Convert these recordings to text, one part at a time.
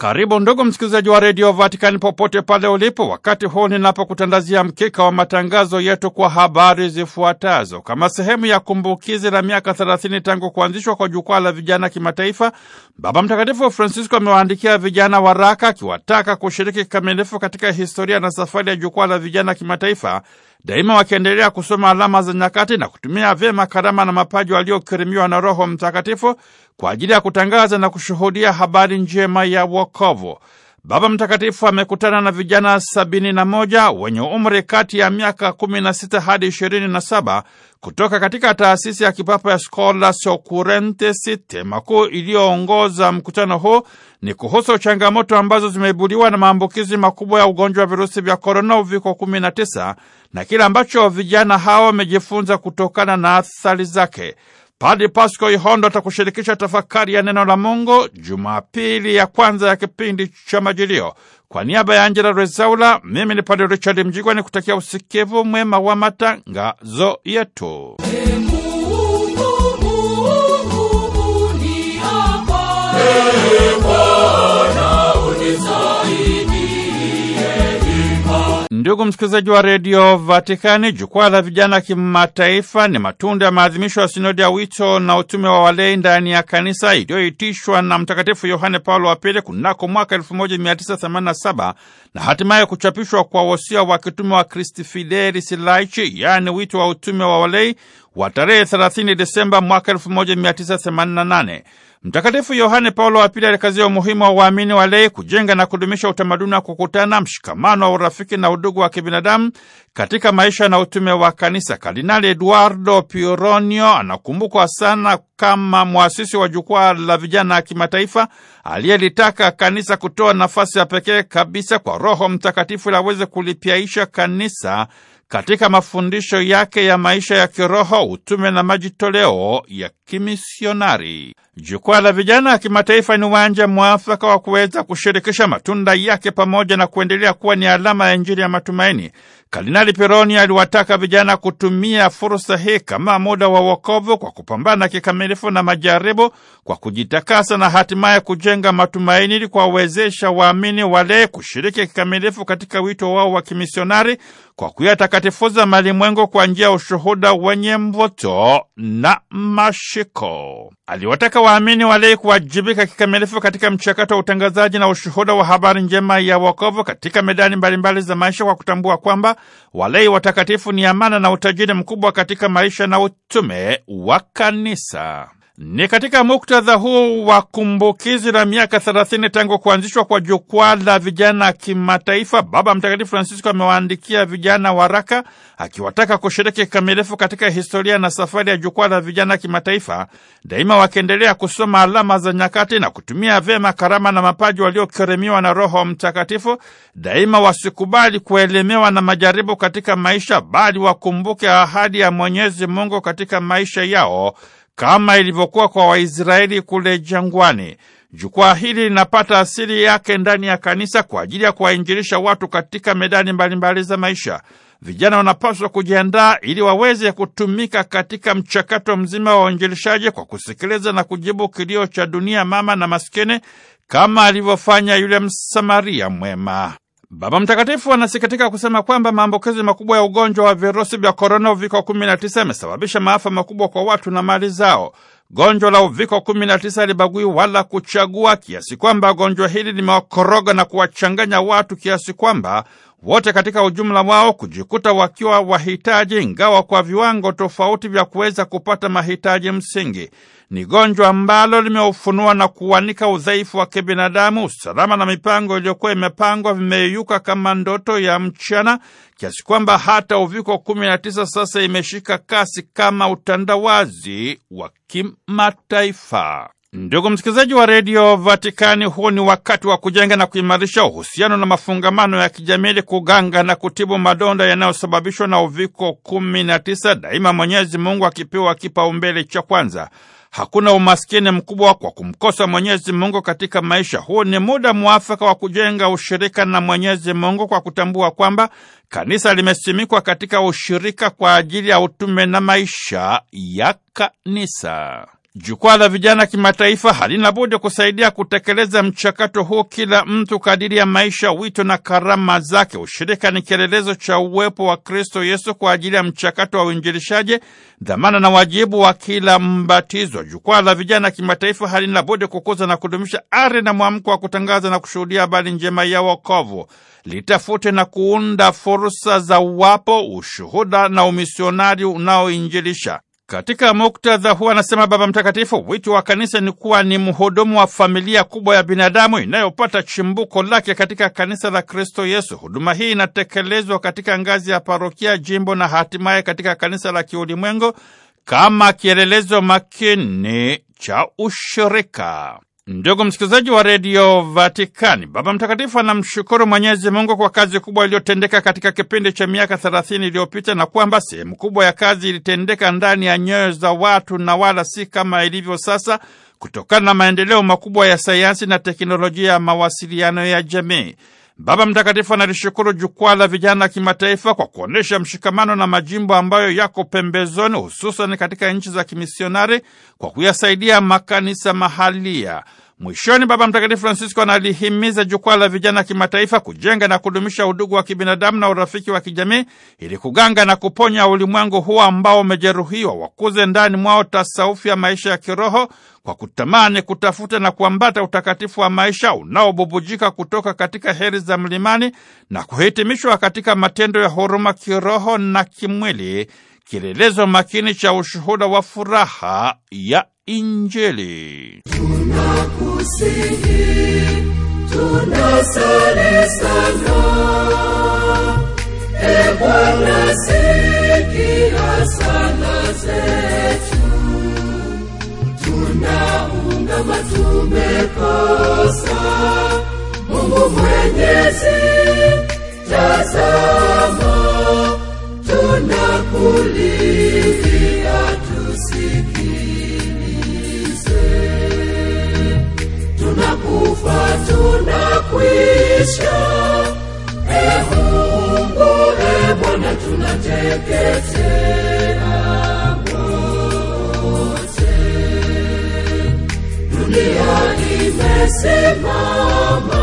Karibu ndugu msikilizaji wa redio Vatikani popote pale ulipo, wakati huu ninapokutandazia mkeka wa matangazo yetu kwa habari zifuatazo. Kama sehemu ya kumbukizi la miaka 30 tangu kuanzishwa kwa jukwaa la vijana kimataifa, Baba Mtakatifu Francisco amewaandikia vijana waraka akiwataka kushiriki kikamilifu katika historia na safari ya jukwaa la vijana kimataifa daima wakiendelea kusoma alama za nyakati na kutumia vyema karama na mapaji waliokirimiwa na Roho Mtakatifu kwa ajili ya kutangaza na kushuhudia habari njema ya wokovu. Baba Mtakatifu amekutana na vijana sabini na moja wenye umri kati ya miaka kumi na sita hadi ishirini na saba kutoka katika taasisi ya kipapa ya skola sokurentesi Tema kuu iliyoongoza mkutano huu ni kuhusu changamoto ambazo zimeibuliwa na maambukizi makubwa ya ugonjwa wa virusi vya korona uviko 19 na kile ambacho vijana hao wamejifunza kutokana na athari zake. Padi Pasko Ihondo atakushirikisha tafakari ya neno la Mungu Jumapili ya kwanza ya kipindi cha Majilio. Kwa niaba ya Angela Rezaula, mimi ni padi Richard Mjigwa ni kutakia usikivu mwema wa matangazo yetu. Ndugu msikilizaji wa redio Vatikani, jukwaa la vijana kimataifa ni matunda ya maadhimisho ya sinodi ya wito na utume wa walei ndani ya kanisa iliyoitishwa na Mtakatifu Yohane Paulo wa Pili kunako mwaka 1987 na hatimaye kuchapishwa kwa wosia wa kitume wa Kristi Fideli Silaichi, yaani wito wa utume wa walei wa tarehe 30 Desemba mwaka 1988. Mtakatifu Yohane Paulo wa Pili alikazia umuhimu wa waamini wa lei kujenga na kudumisha utamaduni wa kukutana, mshikamano wa urafiki na udugu wa kibinadamu katika maisha na utume wa kanisa. Kardinali Eduardo pironio anakumbukwa sana kama mwasisi wa jukwaa la vijana ya kimataifa aliyelitaka kanisa kutoa nafasi ya pekee kabisa kwa Roho Mtakatifu ili aweze kulipyaisha kanisa katika mafundisho yake ya maisha ya kiroho, utume na majitoleo ya kimisionari. Jukwaa la vijana ya kimataifa ni uwanja mwafaka wa kuweza kushirikisha matunda yake pamoja na kuendelea kuwa ni alama ya Injili ya matumaini. Kardinali Peroni aliwataka vijana kutumia fursa hii kama muda wa wokovu kwa kupambana kikamilifu na majaribu, kwa kujitakasa na hatimaye kujenga matumaini, ili kuwawezesha waamini wale kushiriki kikamilifu katika wito wao wa kimisionari kwa kuyatakatifuza malimwengu kwa njia ya ushuhuda wenye mvuto na mashiko. Aliwataka waamini walei kuwajibika kikamilifu katika mchakato wa utangazaji na ushuhuda wa habari njema ya wokovu katika medani mbalimbali za maisha, kwa kutambua kwamba walei watakatifu ni amana na utajiri mkubwa katika maisha na utume wa kanisa. Ni katika muktadha huu wa kumbukizi la miaka 30 tangu kuanzishwa kwa jukwaa la vijana kimataifa, Baba Mtakatifu Francisco amewaandikia vijana waraka akiwataka kushiriki kikamilifu katika historia na safari ya jukwaa la vijana kimataifa, daima wakiendelea kusoma alama za nyakati na kutumia vyema karama na mapaji waliokeremiwa na Roho Mtakatifu, daima wasikubali kuelemewa na majaribu katika maisha, bali wakumbuke ahadi ya Mwenyezi Mungu katika maisha yao kama ilivyokuwa kwa Waisraeli kule jangwani. Jukwaa hili linapata asili yake ndani ya kanisa kwa ajili ya kuwainjilisha watu katika medani mbalimbali za maisha. Vijana wanapaswa kujiandaa ili waweze kutumika katika mchakato mzima wa uinjilishaji kwa kusikiliza na kujibu kilio cha dunia mama na maskini, kama alivyofanya yule Msamaria mwema. Baba Mtakatifu anasikitika kusema kwamba maambukizi makubwa ya ugonjwa wa virusi vya korona uviko 19 yamesababisha maafa makubwa kwa watu na mali zao. Gonjwa la uviko 19 alibagui wala kuchagua, kiasi kwamba gonjwa hili limewakoroga na kuwachanganya watu kiasi kwamba wote katika ujumla wao kujikuta wakiwa wahitaji, ingawa kwa viwango tofauti vya kuweza kupata mahitaji msingi. Ni gonjwa ambalo limeufunua na kuanika udhaifu wa kibinadamu. Usalama na mipango iliyokuwa imepangwa vimeyuka kama ndoto ya mchana, kiasi kwamba hata uviko 19 sasa imeshika kasi kama utandawazi wa kimataifa. Ndugu msikilizaji wa redio Vatikani, huu ni wakati wa kujenga na kuimarisha uhusiano na mafungamano ya kijamii kuganga na kutibu madonda yanayosababishwa na uviko 19, daima Mwenyezi Mungu akipewa kipaumbele cha kwanza. Hakuna umaskini mkubwa kwa kumkosa Mwenyezi Mungu katika maisha. Huu ni muda mwafaka wa kujenga ushirika na Mwenyezi Mungu kwa kutambua kwamba kanisa limesimikwa katika ushirika kwa ajili ya utume na maisha ya kanisa. Jukwaa la vijana kimataifa halina budi kusaidia kutekeleza mchakato huu, kila mtu kadiri ya maisha, wito na karama zake. Ushirika ni kielelezo cha uwepo wa Kristo Yesu kwa ajili ya mchakato wa uinjilishaji, dhamana na wajibu wa kila mbatizwa. Jukwaa la vijana kimataifa halina budi kukuza na kudumisha ari na mwamko wa kutangaza na kushuhudia habari njema ya wokovu. Litafute na kuunda fursa za uwapo, ushuhuda na umisionari unaoinjilisha. Katika muktadha huwa anasema Baba Mtakatifu, wito wa kanisa ni kuwa ni mhudumu wa familia kubwa ya binadamu inayopata chimbuko lake katika kanisa la Kristo Yesu. Huduma hii inatekelezwa katika ngazi ya parokia, jimbo na hatimaye katika kanisa la kiulimwengu kama kielelezo makini cha ushirika. Ndugu msikilizaji wa redio Vatikani, Baba Mtakatifu anamshukuru Mwenyezi Mungu kwa kazi kubwa iliyotendeka katika kipindi cha miaka 30 iliyopita na kwamba sehemu kubwa ya kazi ilitendeka ndani ya nyoyo za watu na wala si kama ilivyo sasa, kutokana na maendeleo makubwa ya sayansi na teknolojia ya mawasiliano ya jamii. Baba Mtakatifu analishukuru jukwaa la vijana kimataifa kwa kuonyesha mshikamano na majimbo ambayo yako pembezoni, hususan katika nchi za kimisionari kwa kuyasaidia makanisa mahalia. Mwishoni, Baba Mtakatifu Francisco analihimiza jukwaa la vijana kimataifa kujenga na kudumisha udugu wa kibinadamu na urafiki wa kijamii ili kuganga na kuponya ulimwengu huo ambao umejeruhiwa. Wakuze ndani mwao tasaufi ya maisha ya kiroho kwa kutamani, kutafuta na kuambata utakatifu wa maisha unaobubujika kutoka katika heri za mlimani na kuhitimishwa katika matendo ya huruma kiroho na kimwili, kilelezo makini cha ushuhuda wa furaha ya Injili kusihi tunasali sana e Bwana sikia sala zetu tunaungama tumekosa Mungu Mwenyezi tazama tunakulilia tusiki kufa tunakwisha ehungure bwana tunateketea wote dunia imesimama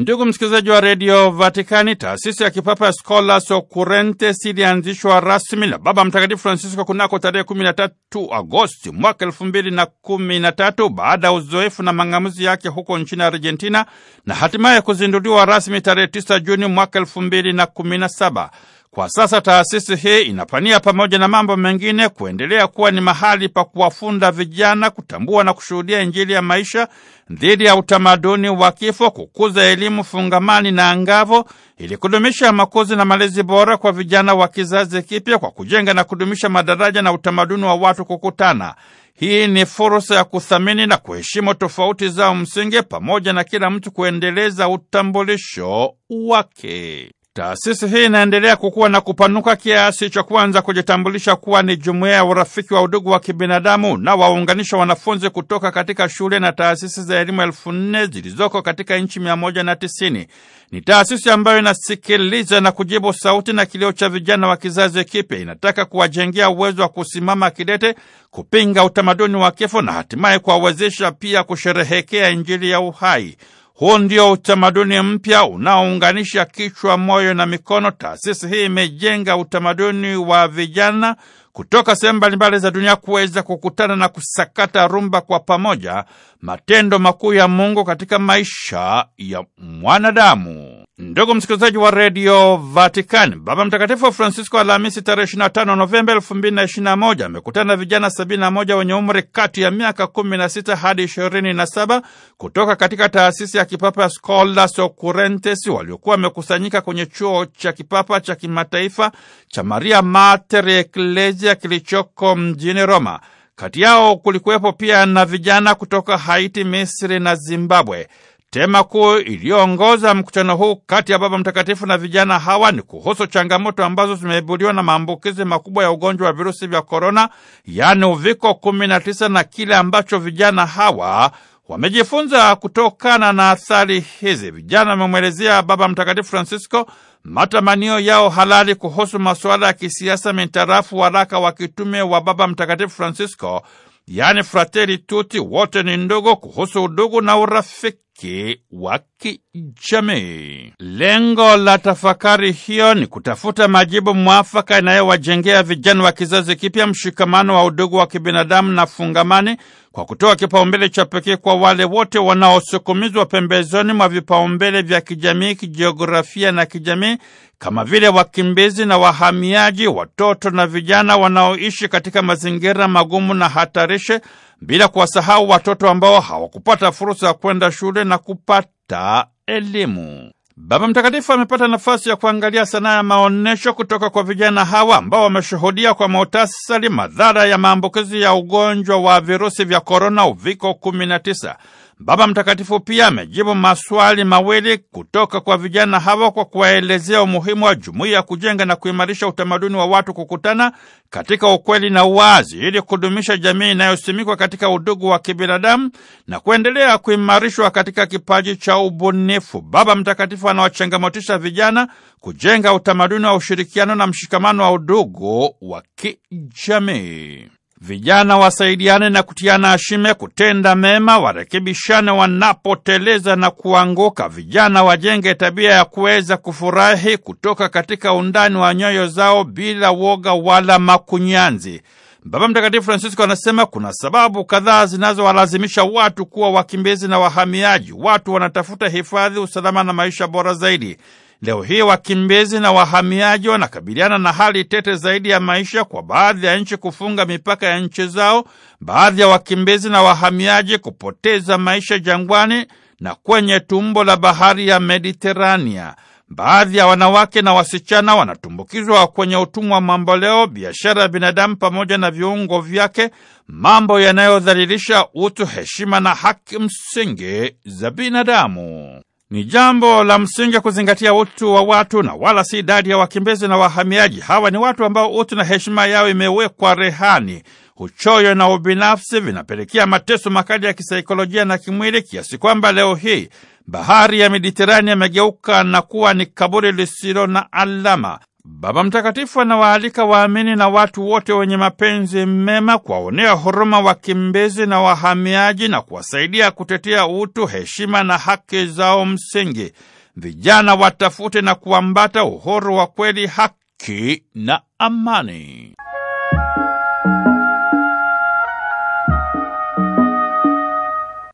Ndugu msikilizaji wa redio Vatikani, taasisi ya kipapa Scholas Occurrentes ilianzishwa rasmi na Baba Mtakatifu Francisco kunako tarehe 13 Agosti mwaka 2013 baada ya uzoefu na mang'amuzi yake huko nchini Argentina na hatimaye kuzinduliwa rasmi tarehe 9 Juni mwaka 2017. Kwa sasa taasisi hii inapania pamoja na mambo mengine kuendelea kuwa ni mahali pa kuwafunda vijana kutambua na kushuhudia Injili ya maisha dhidi ya utamaduni wa kifo, kukuza elimu fungamani na angavo ili kudumisha makuzi na malezi bora kwa vijana wa kizazi kipya, kwa kujenga na kudumisha madaraja na utamaduni wa watu kukutana. Hii ni fursa ya kuthamini na kuheshimu tofauti zao msingi, pamoja na kila mtu kuendeleza utambulisho wake. Taasisi hii inaendelea kukua na kupanuka kiasi cha kuanza kujitambulisha kuwa ni jumuiya ya urafiki wa udugu wa kibinadamu na waunganisha wanafunzi kutoka katika shule na taasisi za elimu elfu nne zilizoko katika nchi mia moja na tisini. Ni taasisi ambayo inasikiliza na kujibu sauti na kilio cha vijana wa kizazi kipya. Inataka kuwajengea uwezo wa kusimama kidete, kupinga utamaduni wa kifo na hatimaye kuwawezesha pia kusherehekea Injili ya uhai. Huu ndio utamaduni mpya unaounganisha kichwa, moyo na mikono. Taasisi hii imejenga utamaduni wa vijana kutoka sehemu mbalimbali za dunia kuweza kukutana na kusakata rumba kwa pamoja, matendo makuu ya Mungu katika maisha ya mwanadamu. Ndugu msikilizaji wa redio Vatikani, Baba Mtakatifu Francisco Alhamisi tarehe 25 Novemba 2021 amekutana vijana 71 wenye umri kati ya miaka 16 hadi 27 kutoka katika taasisi ya kipapa scolas ocurentes waliokuwa wamekusanyika kwenye chuo cha kipapa cha kimataifa cha Maria Mater Ecclesia kilichoko mjini Roma. Kati yao kulikuwepo pia na vijana kutoka Haiti, Misri na Zimbabwe. Tema kuu iliyoongoza mkutano huu kati ya Baba Mtakatifu na vijana hawa ni kuhusu changamoto ambazo zimeibuliwa na maambukizi makubwa ya ugonjwa wa virusi vya korona, yaani uviko 19 na kile ambacho vijana hawa wamejifunza kutokana na athari hizi. Vijana wamemwelezea Baba Mtakatifu Francisco matamanio yao halali kuhusu masuala ya kisiasa mintarafu waraka wa kitume wa Baba Mtakatifu Francisco, yaani Frateri Tuti, wote ni ndugu, kuhusu udugu na urafiki wake wa kijamii. Lengo la tafakari hiyo ni kutafuta majibu mwafaka inayowajengea vijana wa kizazi kipya mshikamano wa udugu wa kibinadamu na fungamani kwa kutoa kipaumbele cha pekee kwa wale wote wanaosukumizwa pembezoni mwa vipaumbele vya kijamii, kijiografia na kijamii kama vile wakimbizi na wahamiaji, watoto na vijana wanaoishi katika mazingira magumu na hatarishi bila kuwasahau watoto ambao hawakupata fursa ya kwenda shule na kupata elimu. Baba Mtakatifu amepata nafasi ya kuangalia sanaa ya maonyesho kutoka kwa vijana hawa ambao wameshuhudia kwa muhtasari madhara ya maambukizi ya ugonjwa wa virusi vya korona, uviko 19. Baba Mtakatifu pia amejibu maswali mawili kutoka kwa vijana hawa kwa kuwaelezea umuhimu wa jumuiya ya kujenga na kuimarisha utamaduni wa watu kukutana katika ukweli na uwazi ili kudumisha jamii inayosimikwa katika udugu wa kibinadamu na kuendelea kuimarishwa katika kipaji cha ubunifu. Baba Mtakatifu anawachangamotisha vijana kujenga utamaduni wa ushirikiano na mshikamano wa udugu wa kijamii. Vijana wasaidiane na kutiana ashime kutenda mema, warekebishane wanapoteleza na kuanguka. Vijana wajenge tabia ya kuweza kufurahi kutoka katika undani wa nyoyo zao bila woga wala makunyanzi. Baba Mtakatifu Francisco anasema kuna sababu kadhaa zinazowalazimisha watu kuwa wakimbizi na wahamiaji. Watu wanatafuta hifadhi, usalama na maisha bora zaidi. Leo hii wakimbizi na wahamiaji wanakabiliana na hali tete zaidi ya maisha, kwa baadhi ya nchi kufunga mipaka ya nchi zao, baadhi ya wakimbizi na wahamiaji kupoteza maisha jangwani na kwenye tumbo la bahari ya Mediterania. Baadhi ya wanawake na wasichana wanatumbukizwa kwenye utumwa mamboleo, biashara ya binadamu pamoja na viungo vyake, mambo yanayodhalilisha utu, heshima na haki msingi za binadamu. Ni jambo la msingi kuzingatia utu wa watu na wala si idadi ya wakimbizi na wahamiaji. Hawa ni watu ambao utu na heshima yao imewekwa rehani. Uchoyo na ubinafsi vinapelekea mateso makali ya kisaikolojia na kimwili, kiasi kwamba leo hii bahari ya Mediterania imegeuka na kuwa ni kaburi lisilo na alama. Baba Mtakatifu anawaalika waamini na watu wote wenye mapenzi mema kuwaonea huruma wakimbizi na wahamiaji na kuwasaidia kutetea utu, heshima na haki zao msingi. Vijana watafute na kuambata uhuru wa kweli, haki na amani.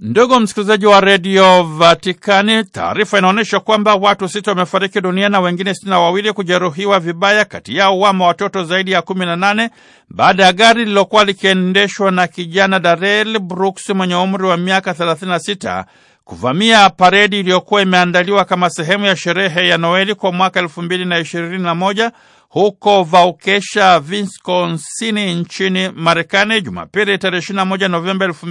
Ndugu msikilizaji wa redio Vatikani, taarifa inaonyesha kwamba watu sita wamefariki dunia na wengine sitini na wawili kujeruhiwa vibaya, kati yao wamo watoto zaidi ya kumi na nane baada ya gari lililokuwa likiendeshwa na kijana darel Brooks mwenye umri wa miaka 36 kuvamia paredi iliyokuwa imeandaliwa kama sehemu ya sherehe ya Noeli kwa mwaka elfu mbili na ishirini na moja huko Vaukesha, Wisconsin nchini Marekani, Jumapili tarehe 21 Novemba elfu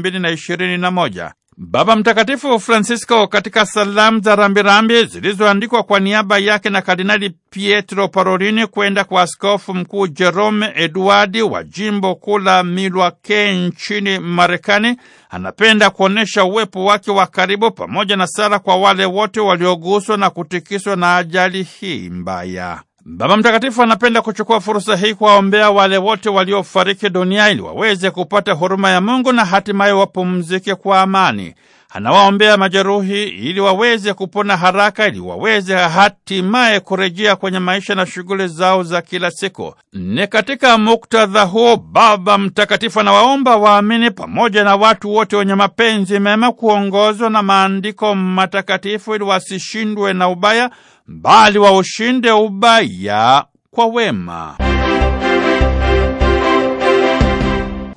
Baba Mtakatifu Francisco katika salamu za rambirambi zilizoandikwa kwa niaba yake na Kardinali Pietro Parolini kwenda kwa askofu mkuu Jerome Eduardi wa jimbo kuu la Milwaukee nchini Marekani, anapenda kuonyesha uwepo wake wa karibu pamoja na sala kwa wale wote walioguswa na kutikiswa na ajali hii mbaya. Baba Mtakatifu anapenda kuchukua fursa hii kuwaombea wale wote waliofariki dunia ili waweze kupata huruma ya Mungu na hatimaye wapumzike kwa amani. Anawaombea majeruhi ili waweze kupona haraka, ili waweze hatimaye kurejea kwenye maisha na shughuli zao za kila siku. Ni katika muktadha huo, Baba Mtakatifu anawaomba waamini pamoja na watu wote wenye mapenzi mema kuongozwa na maandiko matakatifu ili wasishindwe na ubaya bali waushinde ubaya kwa wema.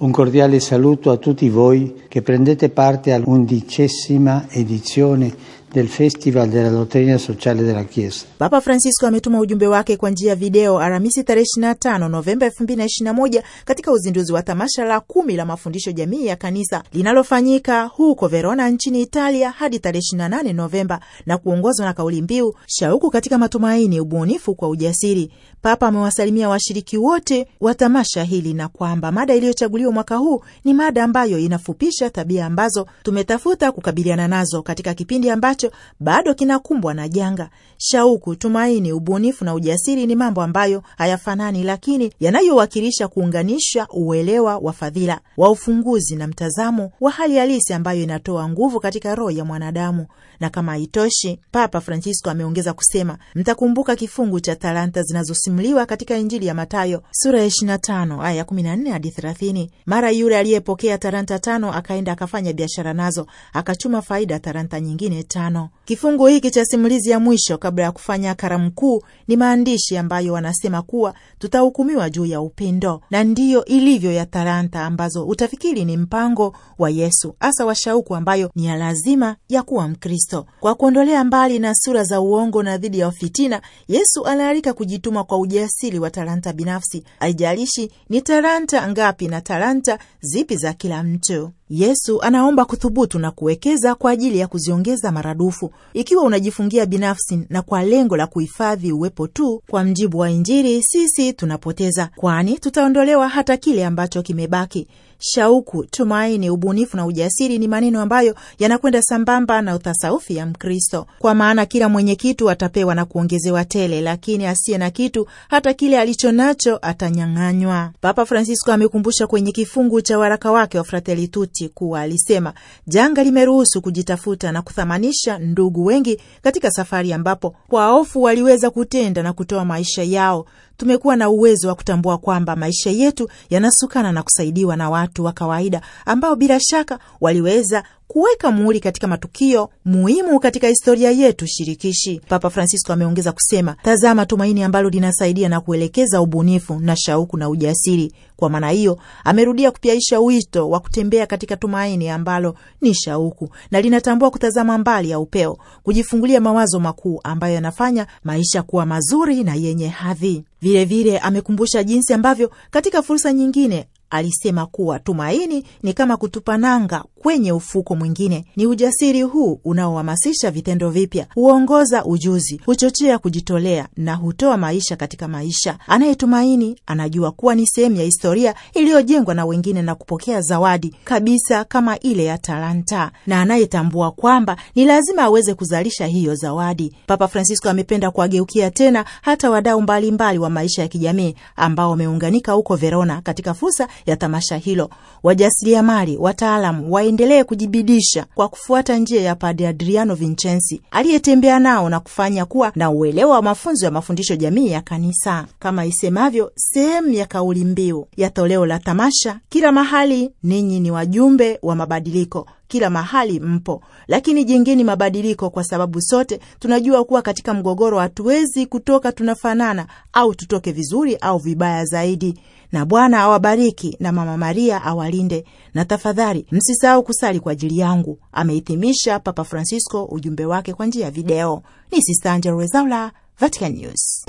Un cordiale saluto a tutti voi che prendete parte all'undicesima edizione del Festival della Dottrina Sociale della Chiesa. Papa Francisco ametuma ujumbe wake kwa njia ya video Alhamisi tarehe 25 Novemba 2021 katika uzinduzi wa tamasha la kumi la mafundisho jamii ya kanisa linalofanyika huko Verona nchini Italia hadi tarehe 28 Novemba na kuongozwa na kauli mbiu shauku katika matumaini, ubunifu kwa ujasiri. Papa amewasalimia washiriki wote wa tamasha hili na kwamba mada iliyochaguliwa mwaka huu ni mada ambayo inafupisha tabia ambazo tumetafuta kukabiliana nazo katika kipindi ambacho bado kinakumbwa na janga. Shauku, tumaini, ubunifu na ujasiri ni mambo ambayo hayafanani, lakini yanayowakilisha kuunganisha uelewa wa fadhila wa ufunguzi na mtazamo wa hali halisi ambayo inatoa nguvu katika roho ya mwanadamu. Na kama haitoshi, Papa Francisco ameongeza kusema, mtakumbuka kifungu cha talanta zinazosimuliwa katika Injili ya Matayo sura ya 25 aya 14 hadi 30: mara yule aliyepokea talanta tano akaenda akafanya biashara nazo akachuma faida talanta nyingine tano. Kifungu hiki cha simulizi ya mwisho kabla ya kufanya karamu kuu ni maandishi ambayo wanasema kuwa tutahukumiwa juu ya upendo, na ndiyo ilivyo ya talanta ambazo utafikiri ni mpango wa Yesu, hasa wa shauku ambayo ni ya lazima ya kuwa Mkristo. Kristo. Kwa kuondolea mbali na sura za uongo na dhidi ya fitina, Yesu anaalika kujituma kwa ujasiri wa talanta binafsi, haijalishi ni talanta ngapi na talanta zipi za kila mtu. Yesu anaomba kuthubutu na kuwekeza kwa ajili ya kuziongeza maradufu. Ikiwa unajifungia binafsi na kwa lengo la kuhifadhi uwepo tu, kwa mjibu wa Injili, sisi tunapoteza, kwani tutaondolewa hata kile ambacho kimebaki. Shauku, tumaini, ubunifu na ujasiri ni maneno ambayo yanakwenda sambamba na utasaufi ya Mkristo, kwa maana kila mwenye kitu atapewa na kuongezewa tele, lakini asiye na kitu hata kile alicho nacho atanyang'anywa. Papa Francisco amekumbusha kwenye kifungu cha waraka wake wa Fratelli Tutti kuwa alisema, janga limeruhusu kujitafuta na kuthamanisha ndugu wengi katika safari ambapo kwa hofu waliweza kutenda na kutoa maisha yao tumekuwa na uwezo wa kutambua kwamba maisha yetu yanasukana na kusaidiwa na watu wa kawaida ambao bila shaka waliweza kuweka muhuri katika matukio muhimu katika historia yetu shirikishi. Papa Francisco ameongeza kusema, tazama tumaini ambalo linasaidia na kuelekeza ubunifu na shauku na ujasiri. Kwa maana hiyo, amerudia kupiaisha wito wa kutembea katika tumaini ambalo ni shauku na linatambua kutazama mbali ya upeo, kujifungulia mawazo makuu ambayo yanafanya maisha kuwa mazuri na yenye hadhi. Vilevile amekumbusha jinsi ambavyo katika fursa nyingine alisema kuwa tumaini ni kama kutupa nanga kwenye ufuko mwingine. Ni ujasiri huu unaohamasisha vitendo vipya, huongoza ujuzi, huchochea kujitolea na hutoa maisha katika maisha. Anayetumaini anajua kuwa ni sehemu ya historia iliyojengwa na wengine na kupokea zawadi kabisa kama ile ya talanta, na anayetambua kwamba ni lazima aweze kuzalisha hiyo zawadi. Papa Francisco amependa kuwageukia tena hata wadau mbalimbali wa maisha ya kijamii ambao wameunganika huko Verona katika fursa ya tamasha hilo, wajasiriamali, wataalamu wa waendelee kujibidisha kwa kufuata njia ya Padre Adriano Vincenzi aliyetembea nao na kufanya kuwa na uelewa wa mafunzo ya mafundisho jamii ya kanisa, kama isemavyo sehemu ya kauli mbiu ya toleo la tamasha: kila mahali ninyi ni wajumbe wa mabadiliko kila mahali mpo, lakini jengeni mabadiliko, kwa sababu sote tunajua kuwa katika mgogoro hatuwezi kutoka tunafanana, au tutoke vizuri au vibaya zaidi na Bwana awabariki na Mama Maria awalinde, na tafadhali msisahau kusali kwa ajili yangu. Amehitimisha Papa Francisco ujumbe wake kwa njia ya video. Ni Sista Angella Rwezaula, Vatican News.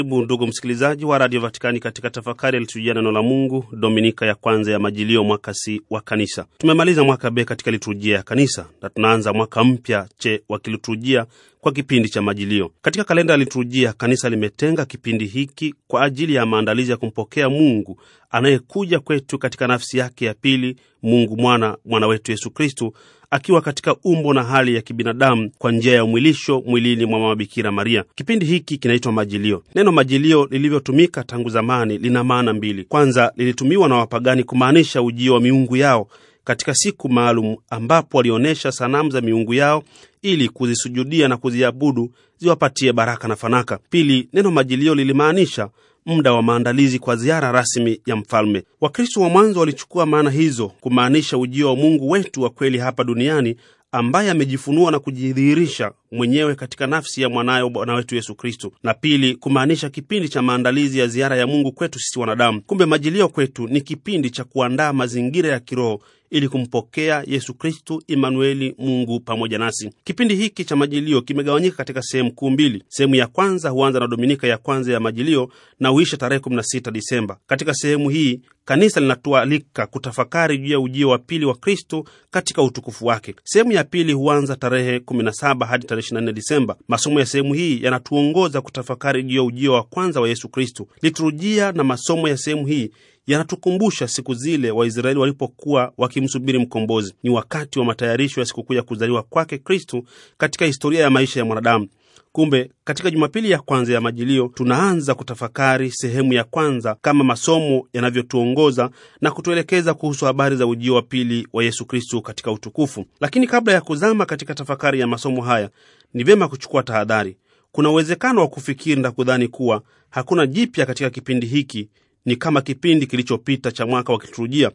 Karibu ndugu msikilizaji wa Radio Vatikani katika tafakari alitujia neno la Mungu, dominika ya kwanza ya Majilio, mwaka si wa Kanisa. Tumemaliza mwaka B katika liturujia ya Kanisa na tunaanza mwaka mpya che wa kiliturujia kwa kipindi cha Majilio. Katika kalenda ya liturujia, Kanisa limetenga kipindi hiki kwa ajili ya maandalizi ya kumpokea Mungu anayekuja kwetu katika nafsi yake ya pili, Mungu Mwana, mwana wetu Yesu Kristu akiwa katika umbo na hali ya kibinadamu kwa njia ya umwilisho mwilini mwa Mama Bikira Maria. Kipindi hiki kinaitwa Majilio. Neno majilio lilivyotumika tangu zamani lina maana mbili. Kwanza, lilitumiwa na wapagani kumaanisha ujio wa miungu yao katika siku maalum ambapo walionyesha sanamu za miungu yao ili kuzisujudia na kuziabudu ziwapatie baraka na fanaka. Pili, neno majilio lilimaanisha muda wa maandalizi kwa ziara rasmi ya mfalme. Wakristo wa mwanzo walichukua maana hizo kumaanisha ujio wa Mungu wetu wa kweli hapa duniani ambaye amejifunua na kujidhihirisha mwenyewe katika nafsi ya mwanayo Bwana wetu Yesu Kristo, na pili, kumaanisha kipindi cha maandalizi ya ziara ya Mungu kwetu sisi wanadamu. Kumbe majilio kwetu ni kipindi cha kuandaa mazingira ya kiroho ili kumpokea Yesu Kristu Imanueli, Mungu pamoja nasi. Kipindi hiki cha Majilio kimegawanyika katika sehemu kuu mbili. Sehemu ya kwanza huanza na Dominika ya kwanza ya Majilio na huisha tarehe 16 Disemba. Katika sehemu hii kanisa linatualika kutafakari juu ya ujio wa pili wa Kristo katika utukufu wake. Sehemu ya pili huanza tarehe 17 hadi tarehe 24 Disemba. Masomo ya sehemu hii yanatuongoza kutafakari juu ya ujio wa kwanza wa Yesu kristu Liturujia na masomo ya sehemu hii yanatukumbusha siku zile Waisraeli walipokuwa wakimsubiri mkombozi. Ni wakati wa matayarisho ya sikukuu ya kuzaliwa kwake Kristu katika historia ya maisha ya mwanadamu. Kumbe katika Jumapili ya kwanza ya Majilio tunaanza kutafakari sehemu ya kwanza kama masomo yanavyotuongoza na kutuelekeza kuhusu habari za ujio wa pili wa Yesu Kristu katika utukufu. Lakini kabla ya kuzama katika tafakari ya masomo haya, ni vyema kuchukua tahadhari. Kuna uwezekano wa kufikiri na kudhani kuwa hakuna jipya katika kipindi hiki ni kama kipindi kilichopita cha mwaka wa kiliturujia.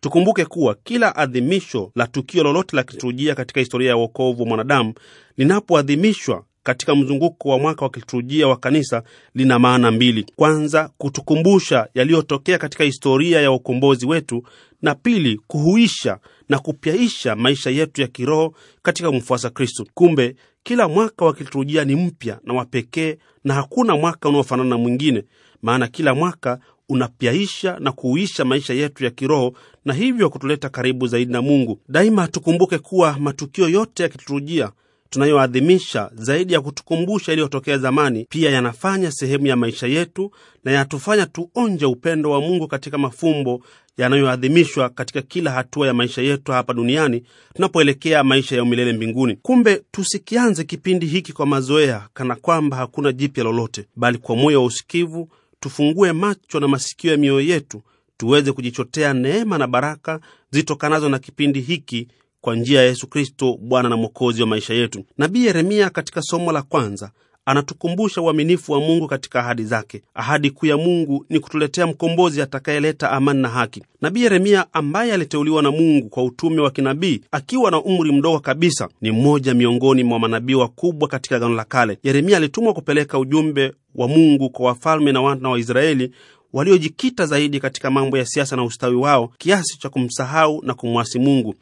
Tukumbuke kuwa kila adhimisho la tukio lolote la kiliturujia katika historia ya uokovu wa mwanadamu linapoadhimishwa katika mzunguko wa mwaka wa kiliturujia wa kanisa lina maana mbili. Kwanza, kutukumbusha yaliyotokea katika historia ya ukombozi wetu, na pili, kuhuisha na kupyaisha maisha yetu ya kiroho katika kumfuasa Kristu. Kumbe kila mwaka wa kiliturujia ni mpya na wapekee na hakuna mwaka unaofanana na mwingine, maana kila mwaka unapyaisha na kuuisha maisha yetu ya kiroho na hivyo kutuleta karibu zaidi na Mungu. Daima tukumbuke kuwa matukio yote yakiturujia tunayoadhimisha zaidi ya kutukumbusha iliyotokea zamani, pia yanafanya sehemu ya maisha yetu na yatufanya tuonje upendo wa Mungu katika mafumbo yanayoadhimishwa katika kila hatua ya maisha yetu hapa duniani tunapoelekea maisha ya umilele mbinguni. Kumbe tusikianze kipindi hiki kwa mazoea, kana kwamba hakuna jipya lolote, bali kwa moyo wa usikivu tufungue macho na masikio ya mioyo yetu tuweze kujichotea neema na baraka zitokanazo na kipindi hiki kwa njia ya Yesu Kristo, Bwana na Mwokozi wa maisha yetu. Nabii Yeremia katika somo la kwanza anatukumbusha uaminifu wa Mungu katika ahadi zake. Ahadi kuu ya Mungu ni kutuletea mkombozi atakayeleta amani na haki. Nabii Yeremia ambaye aliteuliwa na Mungu kwa utume wa kinabii akiwa na umri mdogo kabisa, ni mmoja miongoni mwa manabii wakubwa katika gano la Kale. Yeremia alitumwa kupeleka ujumbe wa Mungu kwa wafalme na wana wa Israeli waliojikita zaidi katika mambo ya siasa na ustawi wao kiasi cha kumsahau na kumwasi Mungu.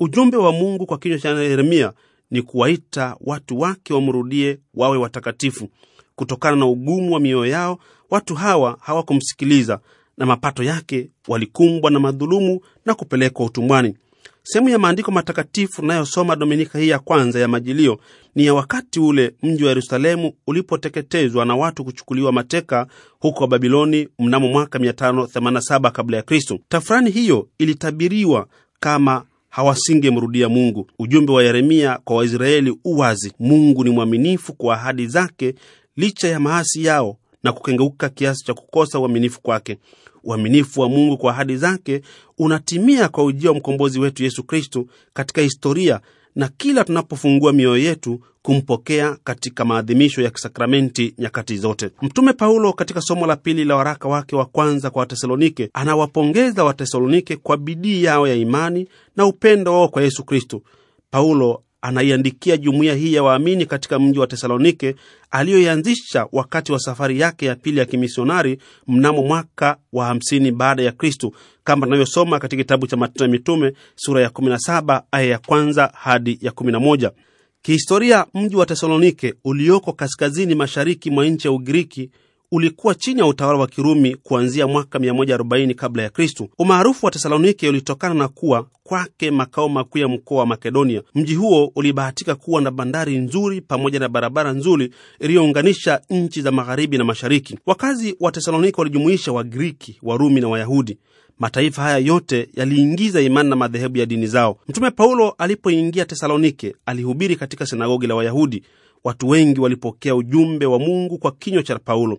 Ujumbe wa Mungu kwa kinywa cha Yeremia ni kuwaita watu wake wamrudie wawe watakatifu. Kutokana na ugumu wa mioyo yao, watu hawa hawakumsikiliza na mapato yake walikumbwa na madhulumu na kupelekwa utumwani. Sehemu ya maandiko matakatifu tunayosoma dominika hii ya kwanza ya Majilio ni ya wakati ule mji wa Yerusalemu ulipoteketezwa na watu kuchukuliwa mateka huko Babiloni mnamo mwaka 587 kabla ya kristu Tafurani hiyo ilitabiriwa kama hawasingemrudia Mungu. Ujumbe wa Yeremia kwa Waisraeli uwazi: Mungu ni mwaminifu kwa ahadi zake licha ya maasi yao na kukengeuka kiasi cha kukosa uaminifu kwake. Uaminifu wa Mungu kwa ahadi zake unatimia kwa ujio wa mkombozi wetu Yesu Kristo katika historia, na kila tunapofungua mioyo yetu kumpokea katika maadhimisho ya kisakramenti nyakati zote. Mtume Paulo katika somo la pili la waraka wake wa kwanza kwa Watesalonike anawapongeza Watesalonike kwa bidii yao ya imani na upendo wao kwa Yesu Kristo. Paulo anaiandikia jumuiya hii ya waamini katika mji wa Tesalonike aliyoianzisha wakati wa safari yake ya pili ya kimisionari mnamo mwaka wa 50 baada ya Kristu, kama tunavyosoma katika kitabu cha Matendo ya Mitume sura ya 17 aya ya kwanza hadi ya 11. Kihistoria, mji wa Tesalonike ulioko kaskazini mashariki mwa nchi ya Ugiriki ulikuwa chini ya utawala wa Kirumi kuanzia mwaka 140 kabla ya Kristu. Umaarufu wa Tesalonike ulitokana na kuwa kwake makao makuu ya mkoa wa Makedonia. Mji huo ulibahatika kuwa na bandari nzuri pamoja na barabara nzuri iliyounganisha nchi za magharibi na mashariki. Wakazi wa Tesalonike walijumuisha Wagriki, Warumi na Wayahudi. Mataifa haya yote yaliingiza imani na madhehebu ya dini zao. Mtume Paulo alipoingia Tesalonike alihubiri katika sinagogi la Wayahudi. Watu wengi walipokea ujumbe wa Mungu kwa kinywa cha Paulo,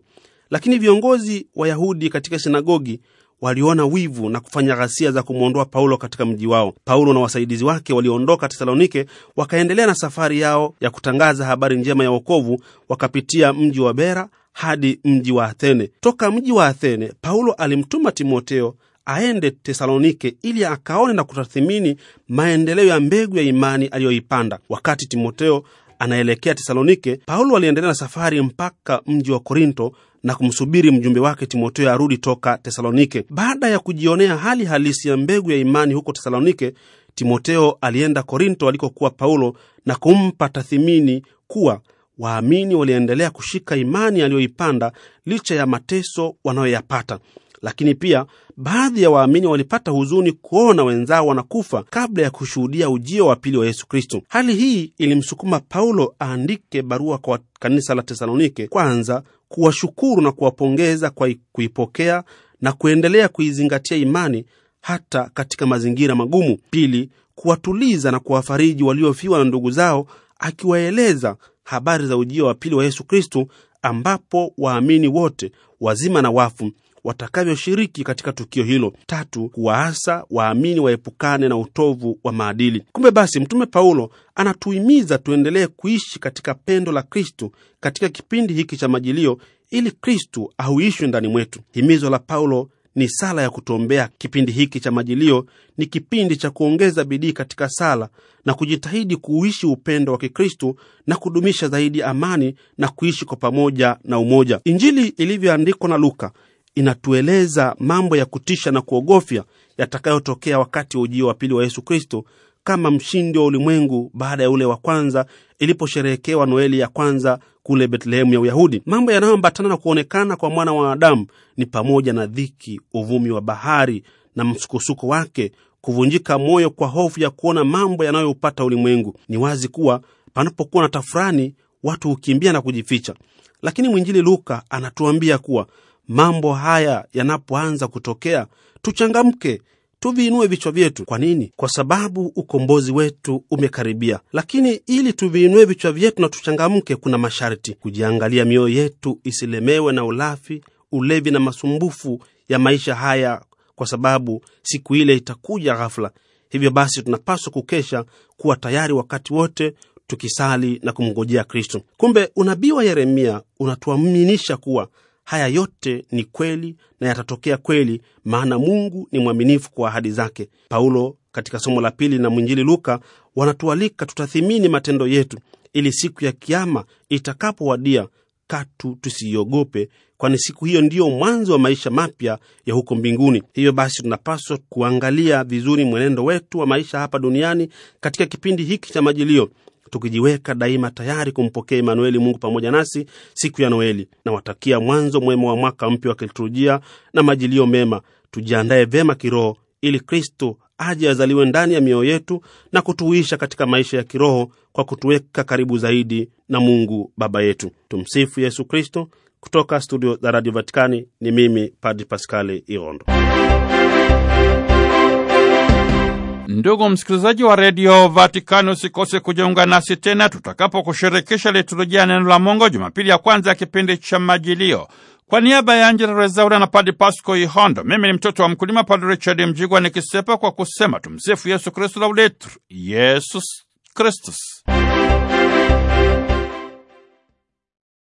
lakini viongozi Wayahudi katika sinagogi waliona wivu na kufanya ghasia za kumwondoa Paulo katika mji wao. Paulo na wasaidizi wake waliondoka Tesalonike, wakaendelea na safari yao ya kutangaza habari njema ya wokovu, wakapitia mji wa Bera hadi mji wa Athene. Toka mji wa Athene, Paulo alimtuma Timoteo aende Tesalonike ili akaone na kutathimini maendeleo ya mbegu ya imani aliyoipanda. Wakati Timoteo anaelekea Tesalonike, Paulo aliendelea na safari mpaka mji wa Korinto na kumsubiri mjumbe wake Timotheo arudi toka Tesalonike. Baada ya kujionea hali halisi ya mbegu ya imani huko Tesalonike, Timotheo alienda Korinto alikokuwa Paulo na kumpa tathimini kuwa waamini waliendelea kushika imani aliyoipanda licha ya mateso wanayoyapata. Lakini pia baadhi ya waamini walipata huzuni kuona wenzao wanakufa kabla ya kushuhudia ujio wa pili wa Yesu Kristo. Hali hii ilimsukuma Paulo aandike barua kwa kanisa la Tesalonike, kwanza kuwashukuru na kuwapongeza kwa kuipokea na kuendelea kuizingatia imani hata katika mazingira magumu; pili, kuwatuliza na kuwafariji waliofiwa na ndugu zao, akiwaeleza habari za ujio wa pili wa Yesu Kristo, ambapo waamini wote wazima na wafu watakavyoshiriki katika tukio hilo. Tatu, kuwaasa waamini waepukane na utovu wa maadili. Kumbe basi, Mtume Paulo anatuhimiza tuendelee kuishi katika pendo la Kristu katika kipindi hiki cha Majilio ili Kristu ahuishwe ndani mwetu. Himizo la Paulo ni sala ya kutuombea. Kipindi hiki cha Majilio ni kipindi cha kuongeza bidii katika sala na kujitahidi kuishi upendo wa kikristu na kudumisha zaidi amani na kuishi kwa pamoja na umoja. Injili ilivyoandikwa na Luka inatueleza mambo ya kutisha na kuogofya yatakayotokea wakati wa ujio wa pili wa Yesu Kristo kama mshindi wa ulimwengu baada ya ule wa kwanza iliposherehekewa Noeli ya kwanza kule Betlehemu ya Uyahudi. Mambo yanayoambatana na kuonekana kwa mwana wa Adamu ni pamoja na dhiki, uvumi wa bahari na msukosuko wake, kuvunjika moyo kwa hofu ya kuona mambo yanayoupata ulimwengu. Ni wazi kuwa panapokuwa na tafurani, watu hukimbia na kujificha, lakini mwinjili Luka anatuambia kuwa mambo haya yanapoanza kutokea, tuchangamke, tuviinue vichwa vyetu. Kwa nini? Kwa sababu ukombozi wetu umekaribia. Lakini ili tuviinue vichwa vyetu na tuchangamke, kuna masharti: kujiangalia mioyo yetu isilemewe na ulafi, ulevi na masumbufu ya maisha haya, kwa sababu siku ile itakuja ghafula. Hivyo basi, tunapaswa kukesha, kuwa tayari wakati wote tukisali na kumngojea Kristo. Kumbe unabii wa Yeremia unatuaminisha kuwa Haya yote ni kweli na yatatokea kweli, maana Mungu ni mwaminifu kwa ahadi zake. Paulo katika somo la pili na mwinjili Luka wanatualika tutathimini matendo yetu, ili siku ya kiama itakapowadia katu tusiiogope, kwani siku hiyo ndiyo mwanzo wa maisha mapya ya huko mbinguni. Hivyo basi, tunapaswa kuangalia vizuri mwenendo wetu wa maisha hapa duniani katika kipindi hiki cha majilio, tukijiweka daima tayari kumpokea Emanueli, Mungu pamoja nasi siku ya Noeli. Nawatakia mwanzo mwema wa mwaka mpya wa kiliturujia na majilio mema. Tujiandaye vyema kiroho ili Kristo aje azaliwe ndani ya mioyo yetu na kutuisha katika maisha ya kiroho kwa kutuweka karibu zaidi na Mungu Baba yetu. Tumsifu Yesu Kristo. Kutoka studio za Radio Vatikani ni mimi Padri Paskali Iondo. Ndugu msikilizaji wa redio Vatikani, usikose kujiunga nasi tena tutakapo kushirikisha liturujia neno la Mungu jumapili ya kwanza ya kipindi cha Majilio. Kwa niaba ya Angela Rezaura na Padi Pasco Ihondo, mimi ni mtoto wa mkulima Padre Richard Mjigwa nikisepa kwa kusema tumsifu Yesu Kristu, lauletu Yesus Kristus.